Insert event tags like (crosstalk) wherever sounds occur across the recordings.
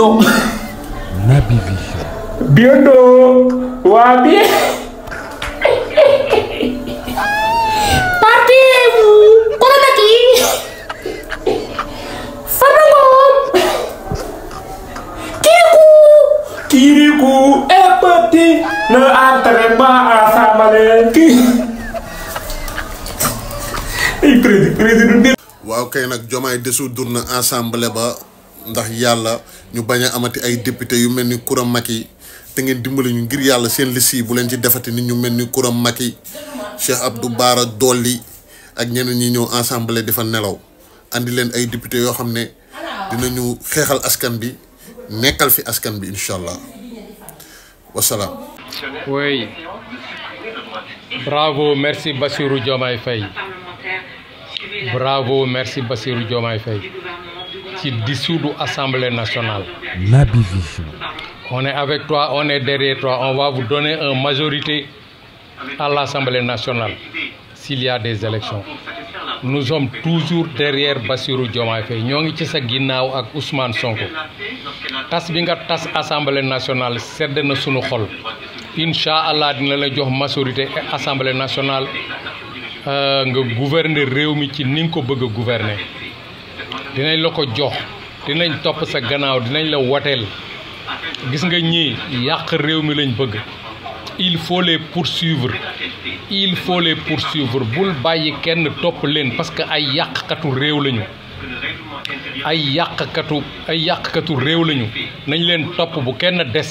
vision nabi vision biondo wabi partemu kono taki farangom kiriku kiriku epati na ki kay ba ndax yàlla ñu bañ a amati ay député yu mel ni Coura Macky te ngeen dimbali ñu ngir yàlla seen liste bu leen ci defati ni ñu mel ni Coura Cheikh Abdou Bara Dolly ak ñeneen ñi ñëw ensemble di fa nelaw andi leen ay député yoo xam ne dinañu xeexal askan bi nekkal fi askan bi allah wasalaam. oui bravo merci Bassirou Diomaye fay bravo merci Bassirou Diomaye fay qui dissoudre l'Assemblée nationale. La Vision. On est avec toi, on est derrière toi. On va vous donner une majorité à l'Assemblée nationale s'il y a des élections. Nous sommes toujours derrière Bassirou Diomaye Nous sommes ngi ci sa Ousmane Sonko tas bi tas assemblée nationale sedd na sunu xol Inch'Allah, allah dina la jox majorité l'Assemblée nationale euh, nga gouverner réew mi ci ni gouverner. dinañ la ko jox dinañ topp sa gannaaw dinañ la woteel gis nga ñii yàq réew mi lañ bëgg il faut les poursuivre il faut les poursuivre bul bàyyi kenn topp leen parce que ay yàqkatu réew lañu ay yàqkatu ay yàqkatu réew lañu nañ leen topp bu kenn des.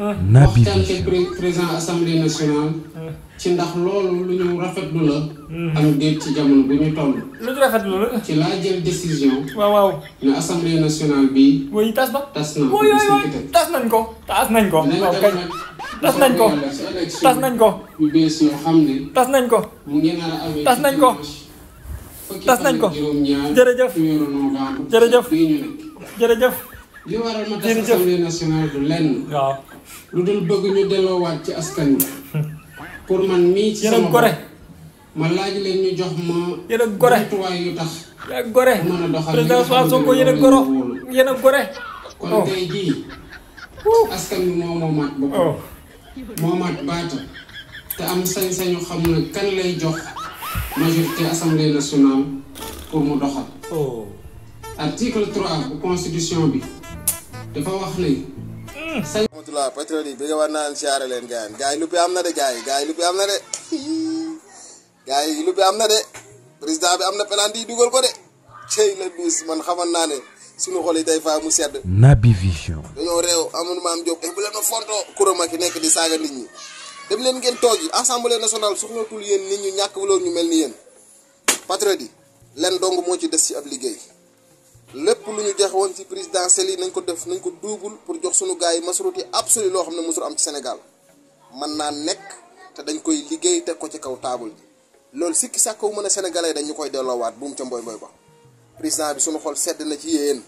Naby Vision waxtaan président assemblée nationale. ci ndax loolu lu ñu rafetlu la. am hmm. déet ci jamono bu ñu toll. lu ñu la. ci laa jël décision. waaw waaw ne assemblée nationale bi. woy tas ba tas tas nañ ko. tas nañ ko waaw tas nañ ko tas nañ ko. yu bees yoo tas nañ ko. mu tas nañ ko. tas nañ ko jërëjëf jërëjëf jërëjëf. li waral ma tas assemblée nationale lu dul bëgg ñu delloowaat ci askan wi pour man mii ci sama gore ma laaj leen ñu jox ma yéen a yu tax yéen a gore mën a doxal président Sonko yéen a goro yéen a gore kon oh. tey jii askan wi moo moomaat boppam oh. moomaat baata te am sañ-sañu xam ne kan lay jox majorité assemblée nationale pour mu doxal oh. article 3 bu constitution bi dafa wax ne alhamdulilah patriote yi bëgg war naa leen siyaare leen gars yi gars yi lu bi am na de gars yi gars yi lu bi am na de (laughs) gaa yi lu bi am na de président bi am na penalty yi dugal ko de cey la bis man xamoon naa ne suñu xol yi tey faa mu sedd. Naby Vision. dañoo réew amul maam Diop eh, bu leen ma fontoo kurama ki nekk di saaga nit ñi dem leen ngeen toog yi assemblée nationale soxlatul yéen nit ñu ñàkk wala ñu mel ni yéen patriote yi leen dong moo ci des ci ab liggéey. bi ñu dex woon ci présidentiel yi nañ ko def nañ ko duubul pour jox sunu gars yi masruut absolu loo xam ne mosul am ci Sénégal mën naa nekk te dañ koy liggéey teg ko ci kaw table ji loolu sikki sàkk wu mën a sénégalais dañ ñu koy delloowaat buum ca mboy mboy ba président bi sunu xol sedd na ci yéen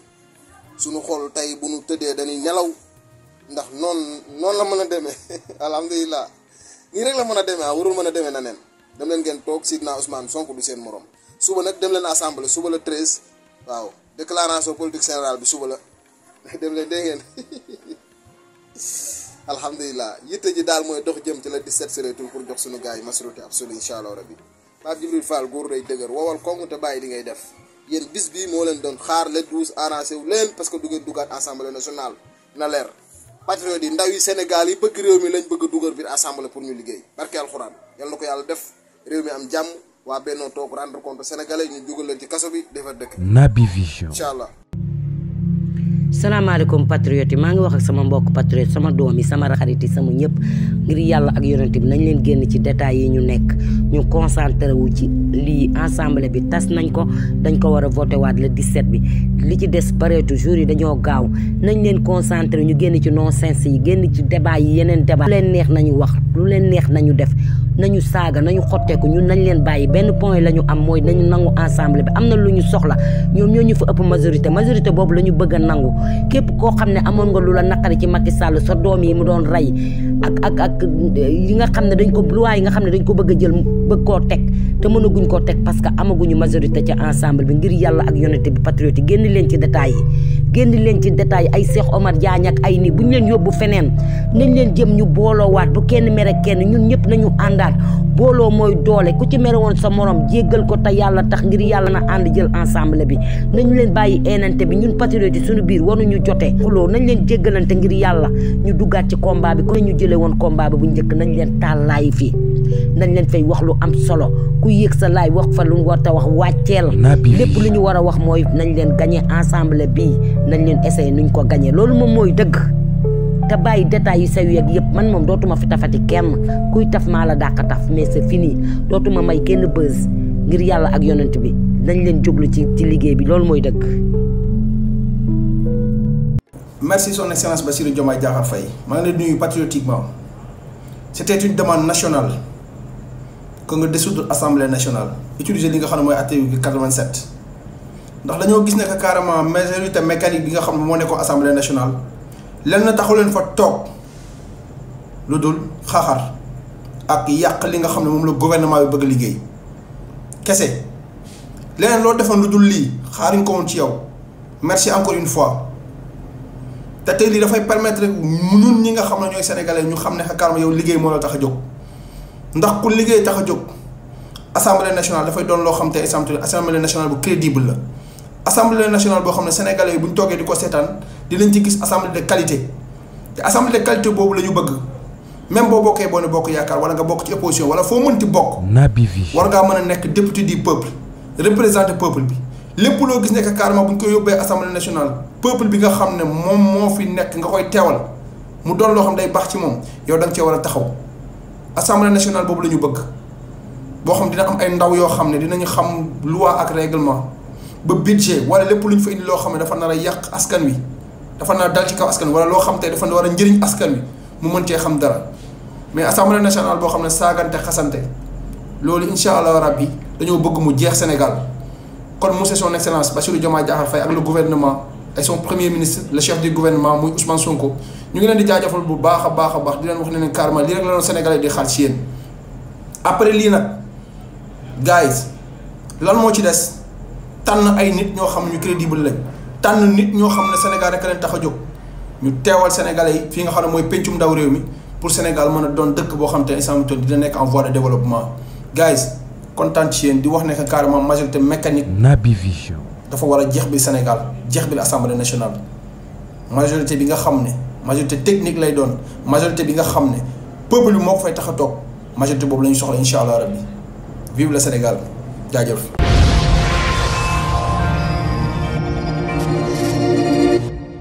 sunu xol tey bu nu tëddee dañuy nelaw ndax non non la mën a demee (laughs) alhamdulilah rek la mën a demee ah warul mën a demee leen ngeen toog Sidna Ousmane Sonko du seen morom suba nag dem leen assemblé suba le 13 waaw déclaration politique générale bi suba la (laughs) dem leen dégg ngeen (laughs) alhamdulilah yitte ji daal mooy dox jëm ci la 17 sereetul pour jox suñu gars yi masruti absolu incha allah rabbi Pape Djibril Fall góor day dëgër wowal kongu te bàyyi di ngay def yéen bis bii moo leen doon xaar le 12 arrangé wu leen parce que du ngeen dugaat assemblée nationale na leer patriote yi ndaw yi Sénégal yi bëgg réew mi lañ bëgg a dugal biir assemblée pour ñu liggéey barke alxuraan yal na ko yàlla def réew mi am jàmm. waa Bennoo toog rendre yi maa ngi wax ak sama mbokk patriote sama doom yi sama xarit yi sama ñëpp ngir yàlla ak yonent bi nañ leen génn ci détails yi ñu nekk ñu concentré wu ci lii ensemble bi tas nañ ko dañ ko war a voté waat le 17 bi li ci des pareetu jours yi dañoo gaaw nañ leen concentré ñu génn ci non sens yi génn ci débat yi yeneen débat lu leen neex nañu wax lu leen neex nañu def nañu saaga nañu xotteeku ñun nañ leen bàyyi benn point la ñu am mooy nañu nangu ensemble bi am na lu ñu soxla ñoom ñoo ñu fa ëpp majorité majorité boobu la ñu bëgg a nangu képp koo xam ne amoon nga lu la naqari ci Macky Sall sa doom yi mu doon rey ak ak ak yi nga xam ne dañ ko loi yi nga xam ne dañ ko bëgg a jël bëgg koo teg te mënaguñ koo teg parce que amaguñu majorité ci ensemble bi ngir yàlla ak unité bi patriote génn leen ci détails yi génn leen ci détails ay Cheikh Omar Diagne ak ay nii buñ leen yóbbu feneen nañ leen jëm ñu booloowaat bu kenn mere kenn ñun ñëpp nañu ànda daal booloo mooy doole ku ci mere woon sa moroom jéggal ko te yàlla tax ngir yàlla na ànd jël ensemble bi nañu leen bàyyi eenante bi ñun patriote yi suñu biir ñu jotee xuloo nañ leen jéggalante ngir yàlla ñu duggaat ci combat bi ko ñu jëlee woon combat bi bu njëkk nañu leen taal laay fii nañ leen fay wax lu am solo ku yéeg sa laay wax fa lu war ta wax wàcceel lépp lu ñu war a wax mooy nañ leen gagné ensemble bii nañ leen essayé ñu ko gañee loolu moom mooy dëgg te bàyyi détails yu sew yeeg yëpp man moom dootuma fi tafati kenn kuy taf maa la dàq taf mais c'est fini dootuma may kenn bës ngir yàlla ak yonent bi dañ leen jublu ci ci liggéey bi loolu mooy dëgg. merci son excellence Bassirou Diomaye Diakhar Faye maa ngi lay nuyu patriotiquement c'était une demande nationale que nga dissoudre assemblée national utiliser li nga xam ne mooy article bi 87 ndax dañoo gis ne que carrément majorité mécanique bi nga xam ne moo nekkoon assemblée nationale. lenn taxu leen fa toog lu dul xaxar ak yàq li nga xam ne moom la gouvernement bi bëgg liggéey kese leneen loo defoon lu dul lii xaariñ ko woon ci yow merci encore une fois te tey lii dafay permettre ñun ñi nga xam ne ñooy sénégalais ñu xam ne xakaarma yow liggéey moo la tax a jóg ndax ku liggéey tax a jóg assemblée nationale dafay doon loo xam te assemblée nationale bu crédible la assemblée nationale boo xam ne sénégalais yi bu ñu toogee di ko seetaan dinañ ci gis assemblée de qualité te assemblée de qualité boobu la ñu bëgg même boo bokkee boo bokk yaakaar wala nga bokk ci opposition wala foo mënti bokk. Naby Vision war ngaa mën a nekk député du peuple représenté peuple bi lépp loo gis nekk carrément bu ñu koy yóbbee assemblée nationale peuple bi nga xam ne moom moo fi nekk nga koy teewal mu doon loo xam day baax ci moom yow da nga war a taxaw assemblée nationale boobu la ñu bëgg boo dina am ay ndaw yoo xam ne dinañu xam loi ak règlement. ba budget wala lépp lu ñu fa indi loo xam ne dafa nar a yàq askan wi dafa nar dal ci kaw askan wi wala loo xam te dafa war a njëriñ askan wi mu mën cee xam dara mais assemblée nationale boo xam ne saagante xasante loolu incha allah rabbi dañoo bëgg mu jeex Sénégal kon monsieur son excellence Bassirou Diomaye Diakhar Faye ak le gouvernement et son premier ministre le chef du gouvernement muy Ousmane Sonko ñu ngi leen di jaajëfal bu baax a baax a baax di leen wax ne leen carrément lii rek la doon Sénégalais di xaar ci yéen lii nag gars yi moo ci des. tànn ay nit ñoo xam ñu crédible lañ tànn nit ñoo xam ne Sénégal rek leen tax a jóg ñu teewal sénégalais yi fii nga xam ne mooy pencum ndaw réew mi pour Sénégal mën a doon dëkk boo xam ne instant bi dina nekk en voie de développement guys kontaan di wax ne que carrément majorité mécanique. Naby Vision. dafa war a jeex bi Sénégal jeex bi assemblée nationale majorité bi nga xam ne majorité technique lay doon majorité bi nga xam ne peuple bi moo ko fay tax a toog majorité boobu la ñu soxla incha allah rabbi vive Sénégal jaajëf.